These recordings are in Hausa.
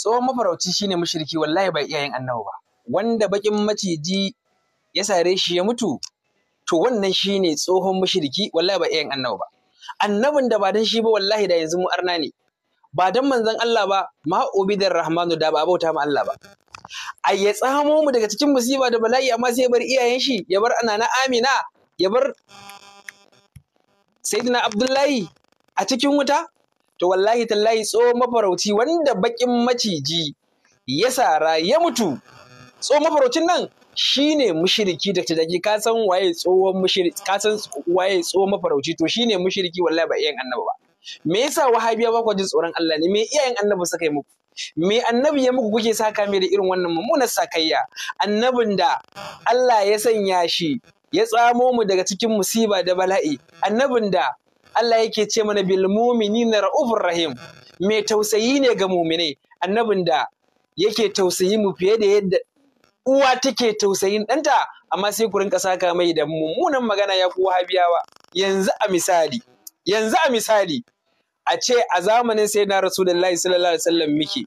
tsohon mafarauci shine mushriki wallahi ba iyayen annabi ba wanda bakin maciji ya sare shi ya mutu to wannan shine tsohon mushriki wallahi ba iyayen annabi ba annabin da ba dan shi ba wallahi da yanzu mu arna ne ba dan manzon Allah ba ma ubidar rahmanu da ba bauta ma Allah ba a ya tsamo mu daga cikin musiba da bala'i amma sai bar iyayen shi ya bar anana amina ya bar sayyidina abdullahi a cikin wuta to wallahi tallahi tso mafarauci wanda bakin maciji ya sara ya mutu tso mafaraucin nan shine mushiriki da ta ka san waye tsohon ka waye tso mafarauci to shine mushiriki wallahi ba iyayen annaba ba me yasa wahabiya ba ku jin tsoron Allah ne me iyayen annabi suka yi muku me annabi ya muku kuke saka mai da irin wannan mummunar sakayya annabin da Allah ya sanya shi ya tsamo mu daga cikin musiba da bala'i annabin da Allah yake ce mana bil na ra'ufur rahim mai tausayi ne ga mu'minai annabin da yake tausayi mu fiye da yadda uwa take tausayin ɗanta amma sai ku rinka saka mai da mummunan magana ya ku wahabiyawa yanzu a misali yanzu a misali a ce a zamanin sai na rasulullahi sallallahu alaihi wasallam muke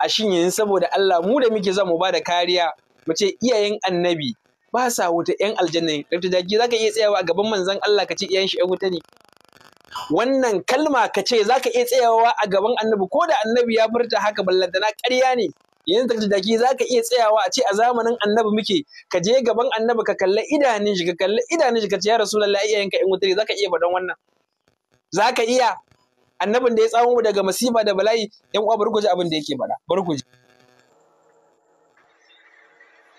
a shin yin saboda Allah mu da muke za mu ba da kariya mu ce iyayen annabi ba sa wuta yan aljanna ne dr jaki zaka iya tsayawa gaban manzon Allah ka ce iyayen shi yan wuta ne wannan kalma ka ce za ka iya tsayawa a gaban annabi ko da annabi ya furta haka ballantana ƙarya ne yanzu ta jaki za ka iya tsayawa a ce a zamanin annabi muke ka je gaban annabi ka kalla idanun shi ka kalla idanun shi ka ce ya rasulullahi ka in wuta za ka iya faɗan wannan za ka iya annabin da ya mu daga masifa da bala'i yan uwa barkuji abin da yake faɗa barkuji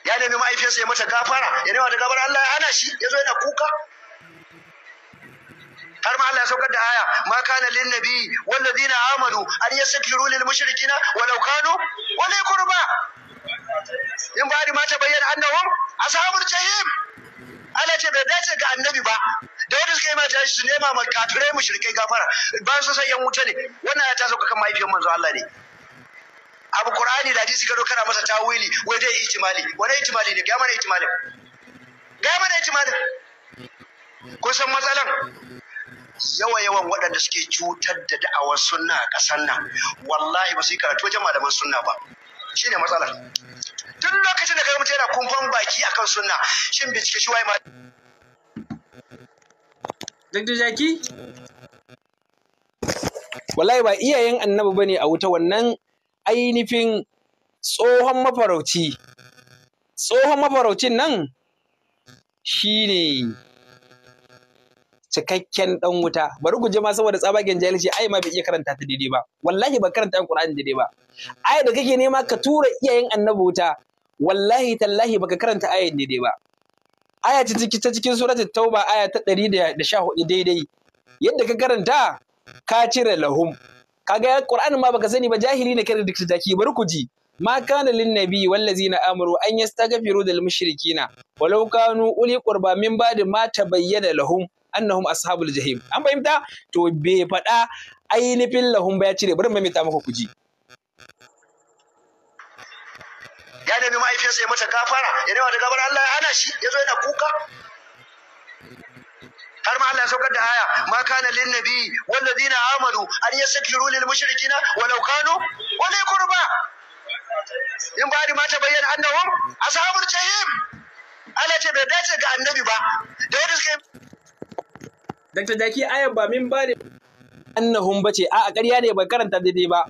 ya nemi ma'aifiyarsa ya mata gafara ya nema da gafara Allah ya hana shi ya zo yana kuka har ma Allah ya saukar da aya ma kana lin nabi wal ladina amanu an yastaghfiru lil mushrikina walau kanu wala qurba in ba ma ta bayyana annahum ashabul jahim Allah ce bai dace ga annabi ba da wanda suka yi mata shi su nema maka kafirai mushrikai gafara ba su san yan wuta ne wannan ya ta sauka kan mahaifiyar manzo Allah ne abu qur'ani da hadisi gado kana masa tawili wai dai ihtimali wani ihtimali ne ga mana ihtimali ga mana ihtimali kun san matsalan yawa yawan waɗanda suke cutar da da'awar sunna a ƙasar nan wallahi ba su yi karatu wajen malaman sunna ba shine matsalar tun lokacin da kai mutum yana kumfan baki akan sunna shin bincike shi waye ma Dr. Jaki? Wallahi ba iyayen annabi ne a wuta wannan ainihin tsohon mafarauci. Tsohon mafaraucin nan shi ne cikakken dan wuta bari ku je ma saboda tsabagen jahilci ai ma bai iya karanta ta daidai ba wallahi ba karanta alqur'ani daidai ba ai da kake nema ka tura iyayen annabi wuta wallahi tallahi baka karanta ayan daidai ba aya ta ta cikin suratul tauba aya ta 114 daidai yadda ka karanta ka cire lahum kaga qur'anin ma baka sani ba jahili ne kare duk taki bari ku ji ما كان للنبي والذين امنوا ان يستغفروا للمشركين ولو كانوا اولي قربى من بعد ما تبين لهم annahum ashabul jahim an fahimta to be faɗa ainihin lahum ba ya cire bari mai ta maka kuji ya nemi mahaifiyarsa ya mata gafara ya nema da bar Allah ya hana shi ya zo yana kuka har ma Allah ya saukar da aya ma kana lin nabi wal ladina amanu an yastaghfiru lil mushrikina walau kanu wala qurba in ba ma ta bayyana annahum ashabul jahim Allah ce bai dace ga annabi ba da wanda suka Dr. Jaki ayan ba min ba da annahum bace a'a ƙarya ne ba karanta daidai ba.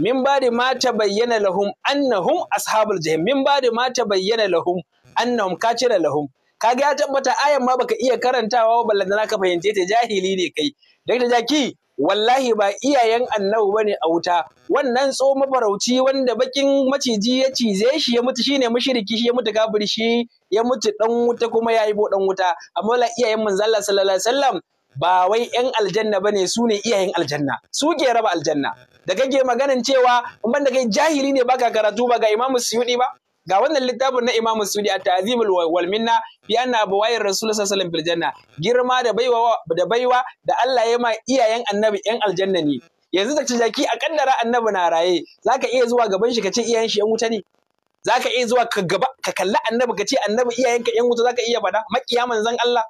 Min ba ma ta bayyana lahum annahum ashabul jahim min ba ma ta bayyana lahum annahum ka cire lahum. Kaga ya tabbata ayan ma baka iya karantawa ba ballantana ka fahimce ta jahili ne kai. Dr. Jaki wallahi ba iyayen annabi bane a wuta wannan tso mafarauci wanda bakin maciji ya cize shi ya mutu shine mushriki shi ya mutu kafiri shi ya mutu dan wuta kuma ya bo dan wuta amma la iyayen manzo Allah sallallahu alaihi wasallam ba wai yan aljanna ba ne su ne iyayen aljanna su ke raba aljanna da kake maganin cewa in ban da kai jahili ne baka karatu ba ga imamu suyudi ba ga wannan littafin na imamu suyudi a ta'azimul wal minna fi anna abawayir rasul sallallahu alaihi girma da baiwa da Allah ya ma iyayen annabi yan aljanna ne yanzu da jaki a kaddara annabi na raye zaka iya zuwa gaban shi ka ce iyayen shi yan wuta ne zaka iya zuwa ka gaba annabi ka ce annabi iyayenka yan wuta zaka iya faɗa makiya manzon Allah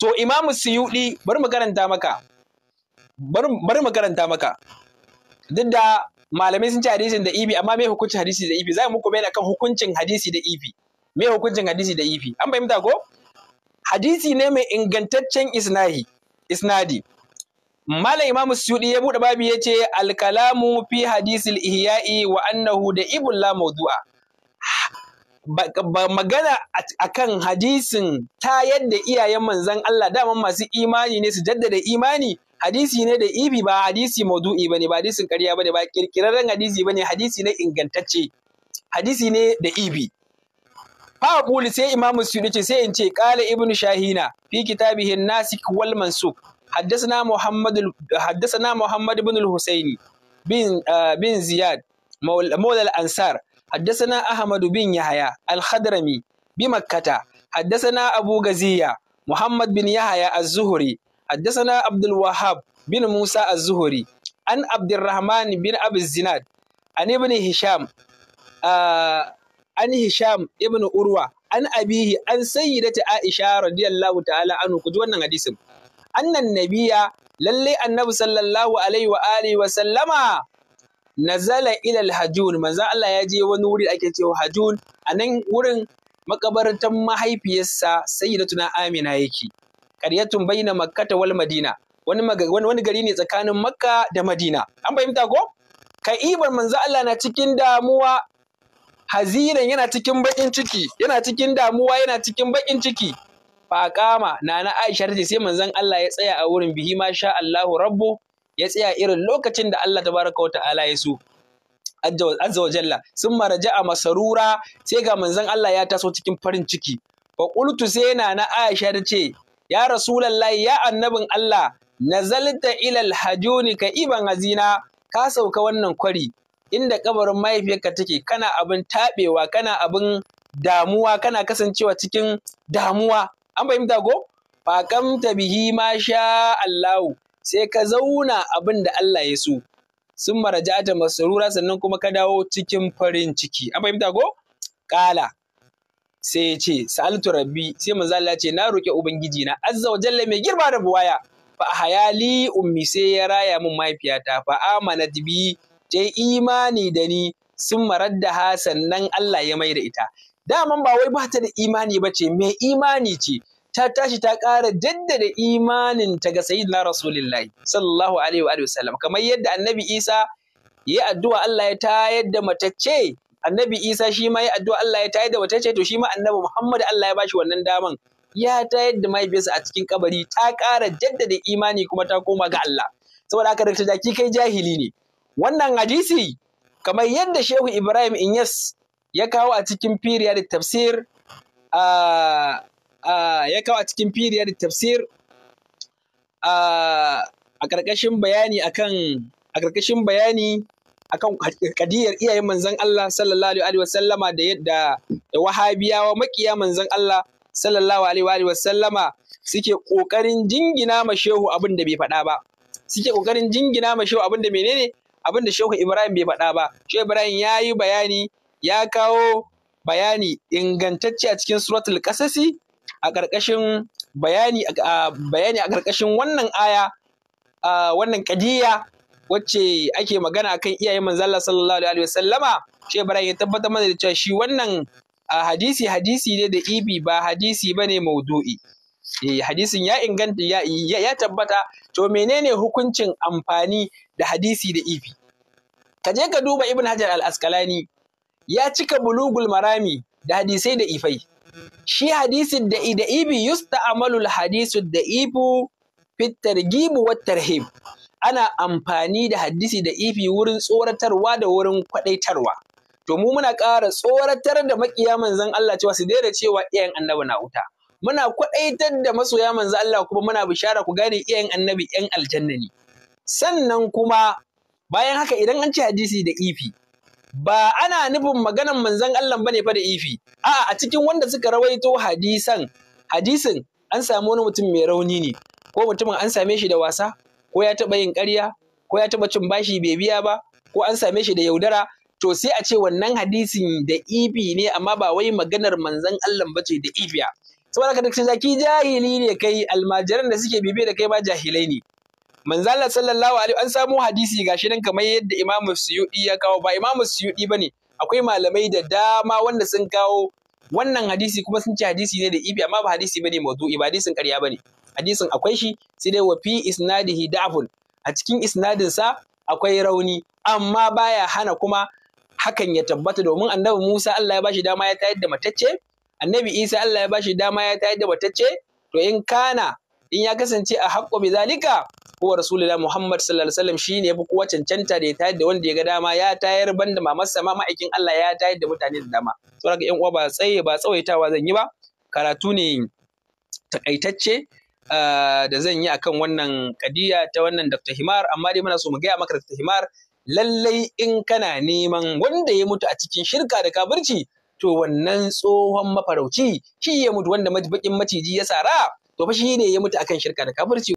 To Imamu Suyudi bari mu karanta maka. Bari mu karanta maka. Duk da malamai sun ci hadisin da ibi amma me hukuncin hadisi da ibi za mu muku bayani akan hukuncin hadisi da ibi. Me hukuncin hadisi da ibi? An fahimta ko? Hadisi ne mai ingantaccen isnahi. Isnadi. Malam Imamu Suyudi ya buɗe babi ya ce alkalamu fi hadisil ihya'i wa annahu da ibul la mawdu'a. magana akan hadisin ta yadda iyayen manzan Allah dama masu imani ne su jaddada imani hadisi ne da ibi ba hadisi maudu'i ba ne, ba hadisin ƙarya ne, ba kirkirarren hadisi ba ne, hadisi ne ingantacce hadisi ne da ibi fa qulu sai imamu ce sai in ce ƙala ibnu shahina fi kitabihi nasik wal mansuk حدثنا محمد حدثنا محمد بن الحسيني بن bin Ziyad, مولى حدثنا أحمد بن يحيى الخدرمي بمكة حدثنا أبو غزية محمد بن يحيى الزهري حدثنا عبد الوهاب بن موسى الزهري عن عبد الرحمن بن أبي الزناد عن ابن هشام عن هشام ابن أروى عن أبيه عن سيدة عائشة رضي الله تعالى عنه كجوانا حديث أن النبي للي النبي صلى الله عليه وآله وسلم nazala ilal hajun manzo Allah ya je wani wuri ake cewa hajun a nan wurin makabartan mahaifiyarsa sayyidatuna amina yake qaryatun baina makkata wal madina wani wani gari ne tsakanin makka da madina an fahimta ko ka'ibar manzo Allah na cikin damuwa hazinan yana cikin bakin ciki yana cikin damuwa yana cikin bakin ciki faƙama na na Aisha ta ce sai manzon Allah ya tsaya a wurin bihi ma sha Allahu rabbu ya tsaya irin lokacin da Allah tabaraka wa ta'ala ya so azza wa jalla sun a masarura sai ga manzon Allah ya taso cikin farin ciki fa qultu sai na na Aisha ta ce ya rasulullahi ya annabin Allah nazalta ila alhajuni ka iban azina ka sauka wannan kwari inda kabarin mahaifiyarka take kana abin tabewa kana abin damuwa kana kasancewa cikin damuwa an fahimta ko faƙamta bihi ma sha Allahu sai ka zauna abin da Allah ya so sun marajata masarura sannan kuma ka dawo cikin farin ciki an fahimta ko kala sai ya ce sa'altu rabbi sai manzo Allah ce na roƙi ubangiji na azza wa jalla mai girma da buwaya fa hayali ummi sai ya raya min mahaifiyata fa amanat bi ta imani da ni sun maradda ha sannan Allah ya mai da ita daman ba wai ba ta da imani ba ce mai imani ce ta tashi ta ƙara jaddada imanin ta ga sayyidina rasulullahi sallallahu alaihi wa wasallam kamar yadda annabi isa ya addu'a Allah ya tayar da matacce annabi isa shi ma ya addu'a Allah ya tayar da matacce to shi ma annabi muhammad Allah ya bashi wannan daman ya tayar da mahaifiyarsa a cikin kabari ta ƙara jaddada imani kuma ta koma ga Allah saboda haka dakta Jaki kai jahili ne wannan hadisi kamar yadda Shehu Ibrahim Inyas ya kawo a cikin firiya da tafsir ah, ya kawo a cikin da tafsir a ƙarƙashin bayani akan a ƙarƙashin bayani akan kadiyar iyayen manzon Allah sallallahu alaihi wa sallama da yadda da wahabiyawa makiya manzon Allah sallallahu alaihi wa sallama suke kokarin jingina ma shehu abin da bai faɗa ba suke kokarin jingina ma shehu abin da menene abin da shehu Ibrahim bai faɗa ba shehu Ibrahim ya yi bayani ya kawo bayani ingantacce a cikin suratul qasasi a ƙarƙashin bayani a ƙarƙashin wannan aya wannan kadiya wacce ake magana akan iyayen manzala sallallahu alaihi wasallama shi Ibrahim ya tabbatar mana da cewa shi wannan hadisi hadisi ne da ibi ba hadisi bane maudu'i eh, hadisin ya inganta ya, tabbata to menene hukuncin amfani da hadisi da ibi ka je ka duba ibn hajar al-asqalani ya cika bulugul marami da hadisai da ifai shi hadisin da ibi yusta'malul hadisu da ibu fit gibu wat tarhib ana amfani da hadisi da ifi wurin tsoratarwa da wurin kwadaitarwa to mu muna ƙara tsoratar da makiya manzan Allah cewa su daina cewa iyayen annabi na wuta muna kwadaitar da masoya manzan Allah kuma muna bishara ku gane iyayen annabi yan aljanna ne sannan kuma bayan haka idan an ci hadisi da ifi ba ana nufin maganan manzon Allah ne fa da ifi a a cikin wanda suka rawaito hadisan hadisin an samu wani mutum mai rauni ne ko mutumin an same shi da wasa ko ya taɓa yin ƙarya ko ya taɓa cin bashi bai biya ba ko an same shi da yaudara to sai a ce wannan hadisin da ifi ne amma ba wai maganar manzon Allah ba ce da ifiya saboda ka zaki jahili ne kai almajiran da suke bibe da kai ma jahilai ne Manzala sallallahu alaihi an samu hadisi gashi nan kamar yadda imamu Suyudi ya kawo ba imamu Suyudi bane akwai malamai da dama wanda sun kawo wannan hadisi kuma sun ce hadisi ne da ibi amma ba hadisi bane mawdu'i ba hadisin karya bane hadisin akwai shi sai dai wa fi isnadihi da'fun a cikin isnadin sa akwai rauni amma baya hana kuma hakan ya tabbata domin annabi Musa Allah ya bashi dama ya tayar da matacce annabi Isa Allah ya bashi dama ya tayar da matacce to in kana in ya kasance a haƙƙo bi zalika kuwa rasulullah muhammad sallallahu alaihi wasallam shine yafi kowa cancanta da ya tayar da wanda ya ga dama ya tayar banda mamarsa ma ma'aikin Allah ya tayar da mutane da dama saboda yan uwa ba tsaye ba tsawaitawa zan yi ba karatu ne takaitacce ah, da zan yi akan wannan kadiya ta wannan Dr. Himar amma dai muna so mu gaya maka Dr. Himar lallai in kana neman wanda ya mutu a cikin shirka da kabirci to wannan tsohon mafarauci shi ya mutu wanda bakin maciji ya sara to fa shi ne ya mutu akan shirka da kafirci